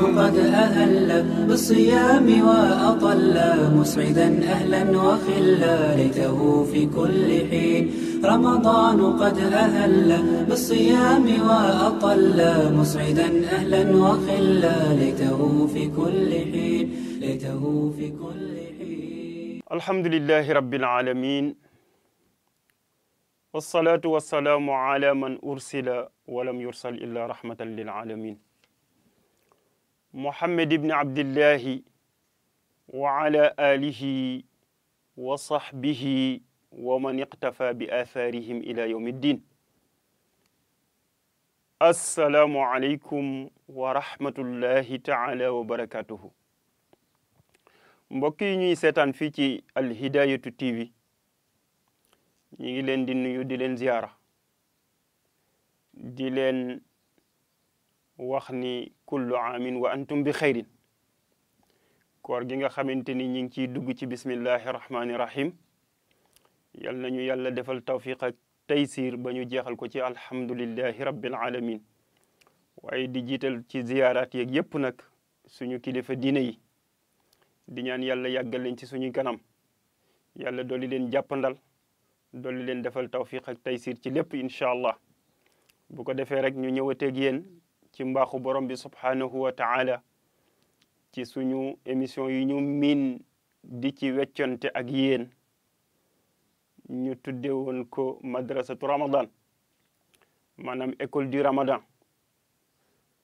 قد أهل بالصيام وأطل مسعدا أهلا وخلا ليته في كل حين رمضان قد أهل بالصيام وأطل مسعدا أهلا وخلا ليته في كل حين ليته في كل حين الحمد لله رب العالمين والصلاة والسلام على من أرسل ولم يرسل إلا رحمة للعالمين محمد بن عبد الله وعلى آله وصحبه ومن اقتفى بآثارهم إلى يوم الدين السلام عليكم ورحمة الله تعالى وبركاته مبكي ني ñuy seetaan fii ci al hidayatu tv ñu ngi leen di nuyu di leen wax ni kullu aamin wa antum bi xayrin koor gi nga xamante ni ñu ngi ciy dugg ci bismillahi rahmaani rahim yal nañu yàlla defal tawfiq ak taysir ba ñu jeexal ko ci alhamdulillahi rabbil alamin waaye di jiital ci ziyaaraat yeeg yépp nag suñu kilifa diine yi di ñaan yàlla yàggal leen ci suñuy kanam yàlla dolli leen jàppandal dolli leen defal tawfiq ak taysir ci lépp incha allah bu ko defee rek ñu ñëwateeg yéen ci mbaxu borom bi subhaanahu wa taala ci suñu émission yi ñu miin di ci weccante ak yéen ñu tudde woon ko madrasatu ramadan maanaam école du ramadan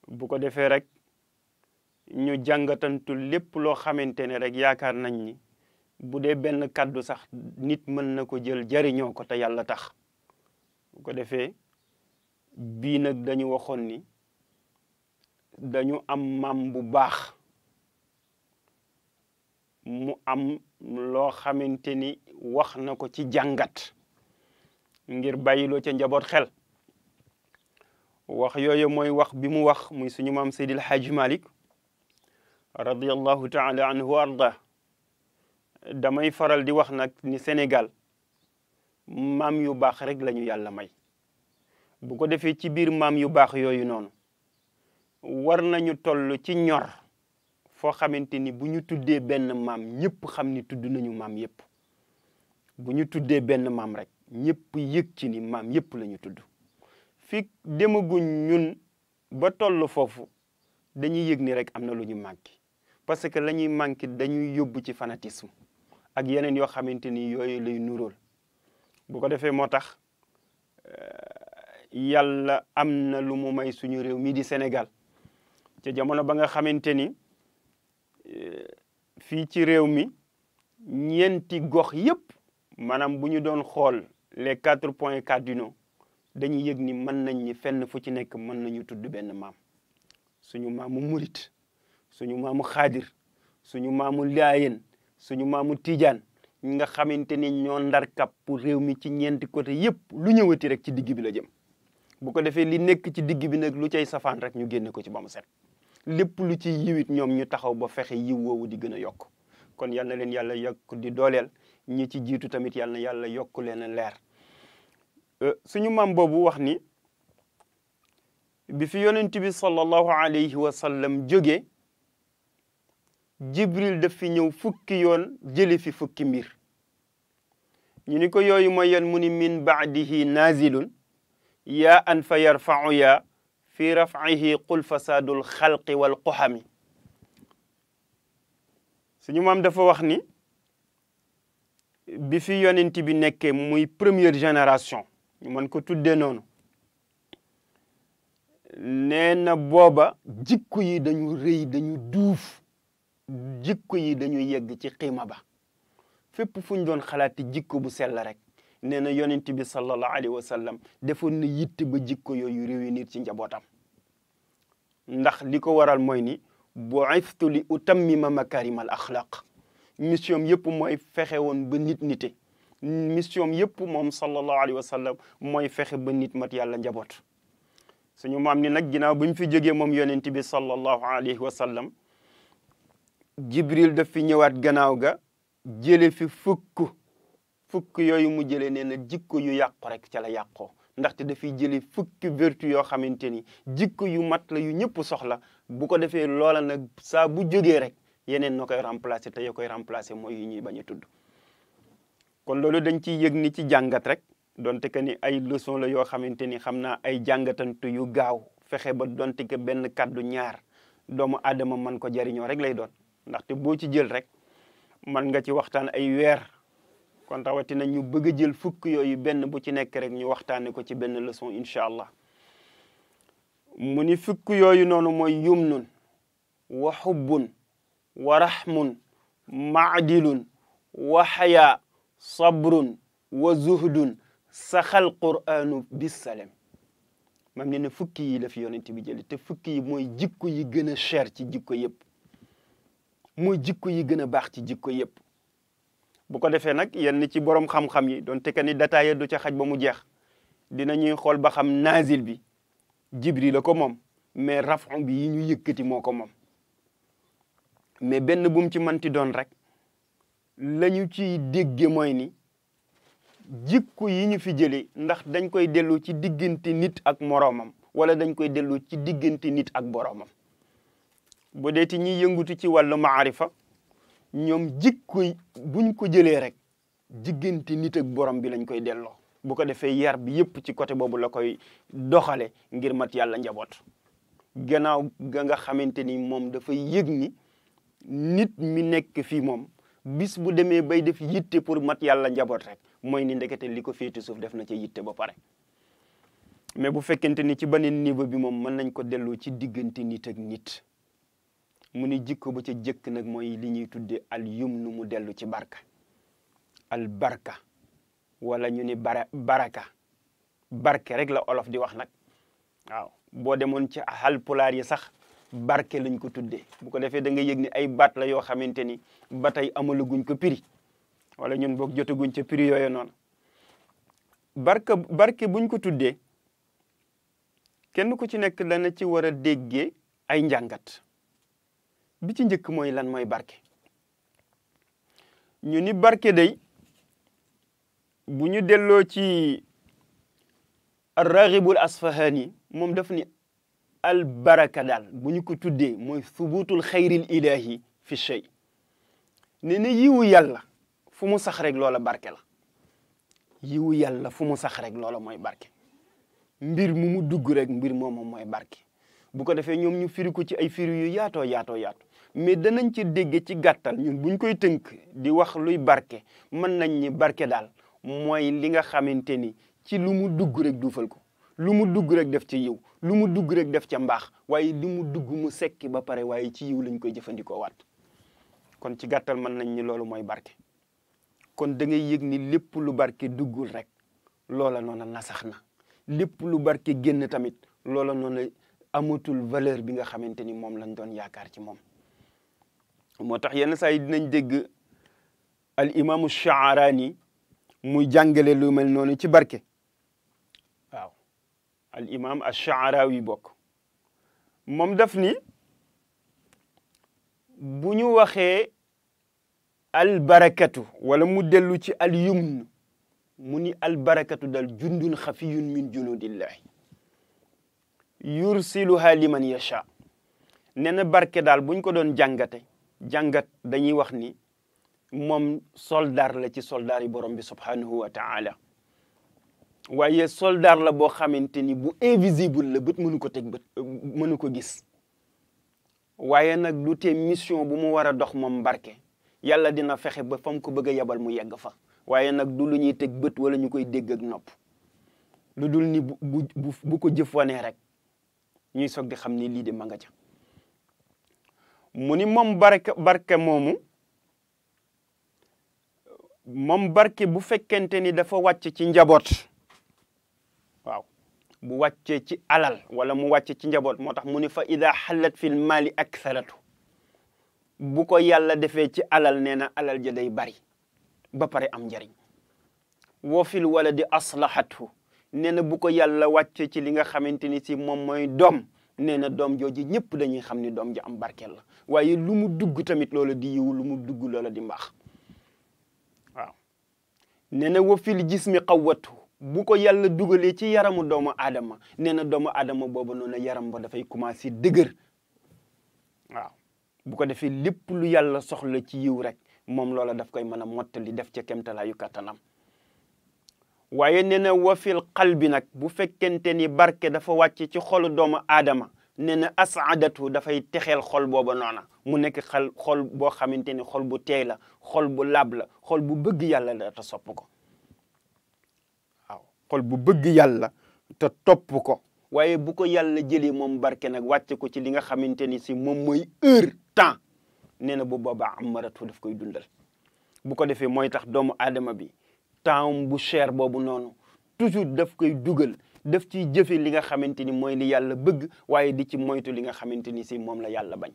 bu ko defee rek ñu jàngatantu lépp loo xamante ne rek yaakaar nañ ni bu dee benn kàddu sax nit mën na ko jël jariñoo ko te yàlla tax bu ko defee bii nag dañu waxoon ni dañu am mam bu baax mu am loo xamante ni wax na ko ci jàngat ngir bàyyiloo ca njaboot xel wax yooyu mooy wax bi mu wax muy suñu maam Seydil Hadji malik radiyallahu taala anhu wa arda damay faral di wax nag ni Sénégal maam yu baax rek lañu yàlla may bu ko defee ci biir maam yu baax yooyu noonu war nañu toll ci ñor foo xamante ni bu ñu tuddee benn maam ñëpp xam ni tudd nañu maam yëpp bu ñu tuddee benn maam rek ñëpp yëg ci ni maam yëpp la tudd fi demaguñ ñun ba toll foofu dañuy yëg ni rek am na lu ñu manqué parce que la ñuy manqué dañuy yóbbu ci fanatisme ak yeneen yoo xamante ni yooyu lay nuróol bu ko defee moo tax euh, yàlla am na lu mu may suñu réew mii di Sénégal ca jamono ba nga xamanteni eh, fi ci rew mi ñenti gox yépp manam buñu doon xool les quatre points cardinaux dañuy yëg ni mën nañ ni fenn fu ci nekk mën nañu tudd benn maam suñu maamu murit suñu maamu xaadir suñu maamu laayen suñu maamu tijaan ñi nga xamante ni ñoo ndar kap pour réew mi ci ñeenti côté yépp lu ñëwati rek ci digg bi la jëm bu ko defee li nekk ci digg bi nag lu cay safaan rek ñu génne ko ci ba set lépp lu ci yiwit ñom ñu taxaw ba fexe yiw woowu di gëna yok kon yalla na leen yàlla yokk di dolel ñi ci jitu tamit yalla na yàlla yokk leen leer euh suñu mam bobu wax ni bi fi yonent bi sallallahu alayhi wa sallam jóge jibril da fi ñëw fukki yoon jeli fi fukki mbir ñu ni ko yooyu mooy yan mu min ba'dihi nazilun ya an fa yarfau yaa fi raf'ihi qul fasadul xalqi wal quxami suñu maam dafa wax ni bi fi yonent bi nekkee muy première génération ñu mën ko tuddee noonu nee na booba jikko yi dañu rëy dañu duuf jikko yi dañu yegg ci xiima ba fépp fu ñu doon xalaati jikko bu sell rek nee na yonent bi sallallahu alayhi wa sallam defoon na yitte ba jikko yooyu réunir ci njabotam ndax liko waral moy ni bu'ithtu li utammima al akhlaq mission yep moy fexe ba nit nite mission yep mom sallallahu alayhi wa sallam mooy fexe ba nit mat yàlla njabot suñu mam ni nak ginaaw buñ fi joggé mom yonent bi sallallahu alayhi wa sallam jibril daf fi ñëwaat gannaaw ga jële fi fukk yoyu mu jele neena jikko yu yaq rek ci la te da fi jele fukki vertu yo xamanteni jikko yu mat la yu ñepp soxla bu ko defee loola nag sa bu jógee rek yeneen na remplacer te yakoy remplacer moy yu ñuy baña tudd kon loolu dañ ci yëg ni ci jàngat rek donte que ni ay leçon la yo xamanteni xamna ay jàngatantu yu gaaw fexe ba donte que benn kaddu ñaar doomu adama man ko jariño rek lay doon te bo ci jël rek man nga ci waxtaan ay weer kon rawati nañu bëgg jël fukk yooyu benn bu ci nekk rek ñu waxtaane ko ci benn leçon incha allah mu ni fukk yooyu noonu mooy yumnun wa xubbun wa raxmun maadilun wa xayaa sabrun wa zuhdun saxal qur'aanu bisalem mam ne na fukki yi la fi yonent bi jëli te fukki yi mooy jikko yi gën a cher ci jikko yëpp mooy jikko yi gën a baax ci jikko yëpp bu ko defee nag yenn ci borom xam-xam yi doon teka ni détaillé du ca xaj ba mu jeex dina dinañuy xool ba xam naazil bi jibri la ko moom mais rafon bi yi ñu yëkkati moo ko moom mais benn bu mu ci manti doon rek la ñu ciy dégge mooy ni jikko yi ñu fi jëlee ndax dañ koy dellu ci diggante nit ak moroomam wala dañ koy dellu ci diggante nit ak boroomam bu dee ti ñiy yëngutu ci wàllu maarifa ñoom jikko buñ ko jëlee rek diggante nit ak borom bi lañ koy delloo bu ko defee yar bi yëpp ci côté boobu la koy doxale ngir mat yàlla njaboot gannaaw ga nga xamante ni moom dafay yëg ni nit mi nekk fii moom bis bu demee bay def yitte pour mat yàlla njaboot rek mooy ni ndekete li ko féete suuf def na ci yitte ba pare mais bu fekkente ni ci beneen niveau bi moom mën nañ ko delloo ci diggante nit ak nit mu ni jikko ba ca jëkk nag mooy li ñuy tudde al nu mu dellu ci barka al barka wala ñu ni bara baraka barke rek la olof di wax nag waaw boo demoon ci halpulaar yi sax barke lañ ko tuddee bu ko defee da yëg ni ay baat la yoo xamante ni ba tey amalaguñ ko prix wala ñun boog jotaguñ ca piri yooyu noonu barke barke buñ ko tuddee kenn ku ci nekk dana ci war a déggee ay njàngat bi ci njëkk mooy lan mooy barke ñu ni barke day bu ñu delloo ci arraghibul asfahani moom daf ni al baraka daal bu ñu ko tuddee mooy thubutul xayril ilahi fi shay ne ne yiwu yàlla fu mu sax rek loola barke la yiwu yàlla fu mu sax rek loola mooy barke mbir mu mu dugg rek mbir moomoom mooy barke bu ko defee ñoom ñu firi ko ci ay firi yu yaatoo yaatoo yaatoo mais danañ ci dégg ci gàttal ñun buñ koy tënk di wax luy barke mën nañ ni barke daal mooy li nga xamante ni ci lu mu dugg rek duufal ko lu mu dugg rek def ci yiw lu mu dugg rek def ci mbaax waaye li mu dugg mu sekki ba pare waaye ci yiw lañ koy jëfandikoo waat kon ci gàttal mën nañ ni loolu mooy barke kon dangay ngay yëg ni lépp lu barke duggul rek loola noona nasax na lépp lu barke génn tamit loola amatul valeur bi nga xamanteni mom lañ doon yaakar ci mom motax yenn say dinañ dégg al imam ash-sha'rani muy jàngale lu mel noonu ci barke waaw al imam ash-sha'rawi bok mom daf ni buñu waxé al barakatu wala mu delu ci al yumn muni al barakatu dal jundun khafiyun min junudillahi yursiluha liman yasha nee na barke daal buñ ko doon jàngate jàngat dañuy wax ni moom soldaar la ci soldaar yi borom bi subhanahu wa taala waaye soldaar la boo xamante ni bu invisible la bët mënu ko teg bët mënu ko gis waaye nag du te mission bu mu war a dox moom barke yàlla dina fexe ba fa mu bëgg a yebal mu yegg fa waaye nag du lu ñuy teg bët wala ñu koy dégg ak nopp lu dul ni bu bu bu ko jëf rek ñuy soog di xam ni lii de ma nga ca mu ni moom barke barke moomu moom barke bu fekkente ni dafa wàcc ci njaboot waaw bu wàccee ci alal wala mu wàcce ci njaboot moo tax mu ni fa ida fil maali aktharatu bu ko yàlla defee ci alal nee na alal ja day bari ba pare am njariñ nee na bu ko yàlla wàcce ci li nga xamante ni si moom mooy doom nee na doom jooju ñëpp dañuy xam ni doom ji am barkeel la waaye lu mu dugg tamit loola di yiw lu mu dugg loola di mbaax waaw nee na wa fil jismi qawwatu bu ko yàlla dugalee ci yaramu doomu aadama nee na doomu aadama boobu noonu yaram ba dafay commencé dëgër waaw bu ko defee lépp lu yàlla soxla ci yiw rek moom loola daf koy mën a mottali def ca kemtalaayu kàttanam waye nee wa fil qalbi nak bu fekente ni barke dafa wàcc ci xolu doomu aadama nee as'adatu da fay texel xol bobu nona mu nek xal xol bo xamanteni xol bu tey la xol bu lab la xol bu bëgg yàlla la ta sopp ko waaw xol bu bëgg yàlla ta top ko waye bu ko yàlla jëli mom barke nak wacc ko ci li nga xamanteni ci mom moy heure temps nee bu boba amratu daf koy dundal bu ko defee moy tax doomu adama bi temps bu cher boobu noonu toujours daf koy dugal daf ciy jëfe li nga xamante ni mooy ni yàlla bëgg waaye di ci moytu li nga xamante ni si moom la yàlla bañ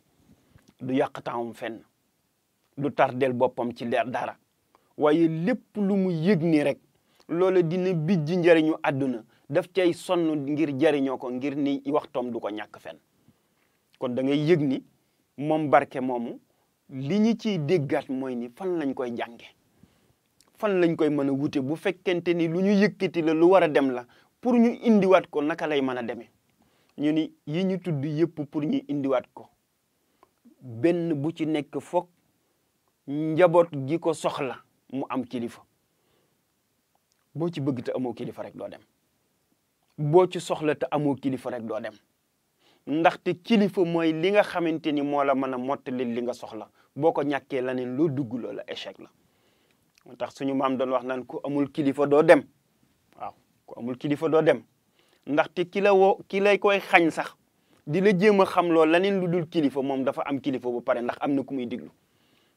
du yàq temps fenn du tardel boppam ci leer dara waaye lépp lu mu yëg ni rek loola dina bijji njëriñu àdduna daf cay sonn ngir jariñoo ko ngir ni waxtoom du ko ñàkk fenn kon da ngay yëg ni moom barke moomu li ñu ciy déggaat mooy ni fan lañ koy jànge fan lañ koy mën a wute bu fekkente ni lu ñu yëkkati la lu war a dem la pour ñu indiwaat ko naka lay mën a demee ñu ni yi ñu tudd yëpp pour ñu indiwaat ko benn bu ci nekk foog njaboot gi ko soxla mu am kilifa boo ci bëgg te amoo kilifa rek doo dem boo ci soxla te amoo kilifa rek doo dem ndaxte kilifa mooy li nga xamante ni moo la mën a mottali li nga soxla boo ko ñàkkee leneen loo dugg loola échec la moo tax suñu maam doon wax naan ku amul kilifa doo dem waaw ku amul kilifa doo dem ndaxte ki la lay koy xañ sax di la jéem a xam loolu leneen lu dul kilifa moom dafa am kilifa ba pare ndax am na ku muy diglu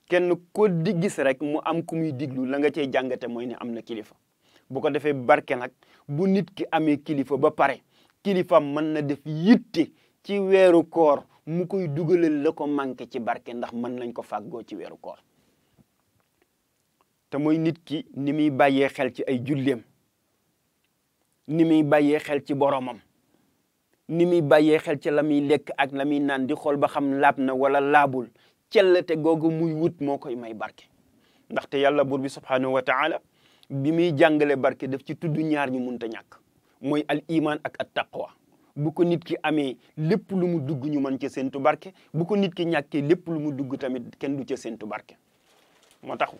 kenn ko di gis rek mu am ku muy diglu la nga cee jàngate mooy ni am na kilifa bu ko defee barke nag bu nit ki amee kilifa ba pare kilifa mën na def yitte ci weeru koor mu koy dugalal la ko manqué ci barke ndax mën nañ ko fàggoo ci weeru koor te mooy nit ki ni muy bàyyee xel ci ay julleem ni muy bàyyee xel ci boromam ni muy bàyyee xel ci la mi lekk ak la mi naan di xool ba xam laab na wala laabul cellate googu muy wut moo koy may barke ndaxte yàlla buur bi subhanahu wa taala bi muy jàngale barke def ci tudd ñaar ñu munta ñàkk moy al iman ak at taqwa bu ko nit ki amee lépp lu mu dugg ñu mën ca séntu barke bu ko nit ki ñàkkee lépp lu mu dugg tamit kenn du ca séntu barke moo taxu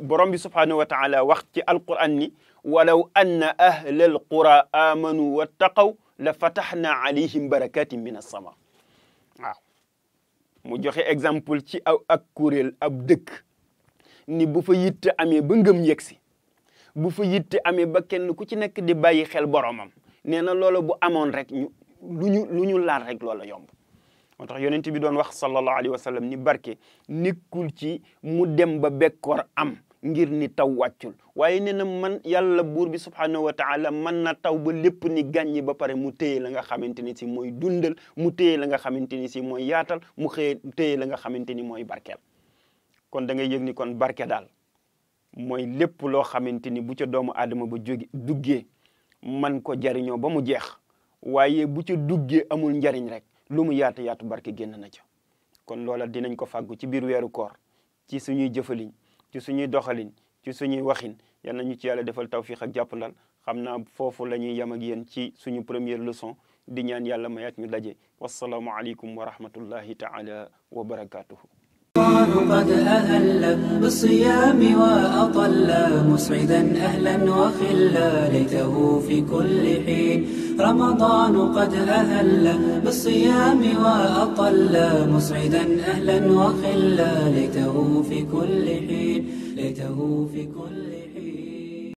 borom bi subhanahu wa taala wax ci alquran ni walaw anna ahla alqura amanu wattaqaw la fataxna alayhim barakatin min assama waaw mu joxe exemple ci aw ak kuréel ab dëkk ni bu fa yitte amee ba ngëm yegsi bu fa yitte amee ba kenn ku ci nekk di bàyyi xel boromam nee na loola bu amoon rek ñu lu ñu lu ñu laal rek loola yomb moo tax yonent bi doon wax sallallahu alayhi wa sallam ni barke nekkul ci mu dem ba bekkoor am ngir ni taw wàccul waaye nee na man yàlla buur bi subhanahu wa taala mën na taw ba lépp ni gàññi ba pare mu téye la nga xamante ni si mooy dundal mu téye la nga xamante ni si mooy yaatal mu xëye téye la nga xamante ni mooy barkeel kon da ngay yëg ni kon barke daal mooy lépp loo xamante ni bu ca doomu aadama ba jóge duggee man ko jariñoo ba mu jeex waaye bu ca duggee amul njariñ rek lumu mu yaatu yaatu barke génn na ca kon loola dinañ ko fàggu ci biir weeru koor ci suñuy jëfalin ci suñuy doxalin ci suñuy waxin yàlla ñu ci yàlla defal tawfiq ak jàppandal xam naa foofu la ñuy yem ak yéen ci suñu première leçon di ñaan yàlla mayaat ñu daje wassalaamu aleykum wa rahmatullahi taala wa barakaatuhu قد أهل بالصيام وأطل مسعدا أهلا وخلا ليته في كل حين رمضان قد أهل بالصيام وأطل مسعدا أهلا وخلا ليته في كل حين ليته في كل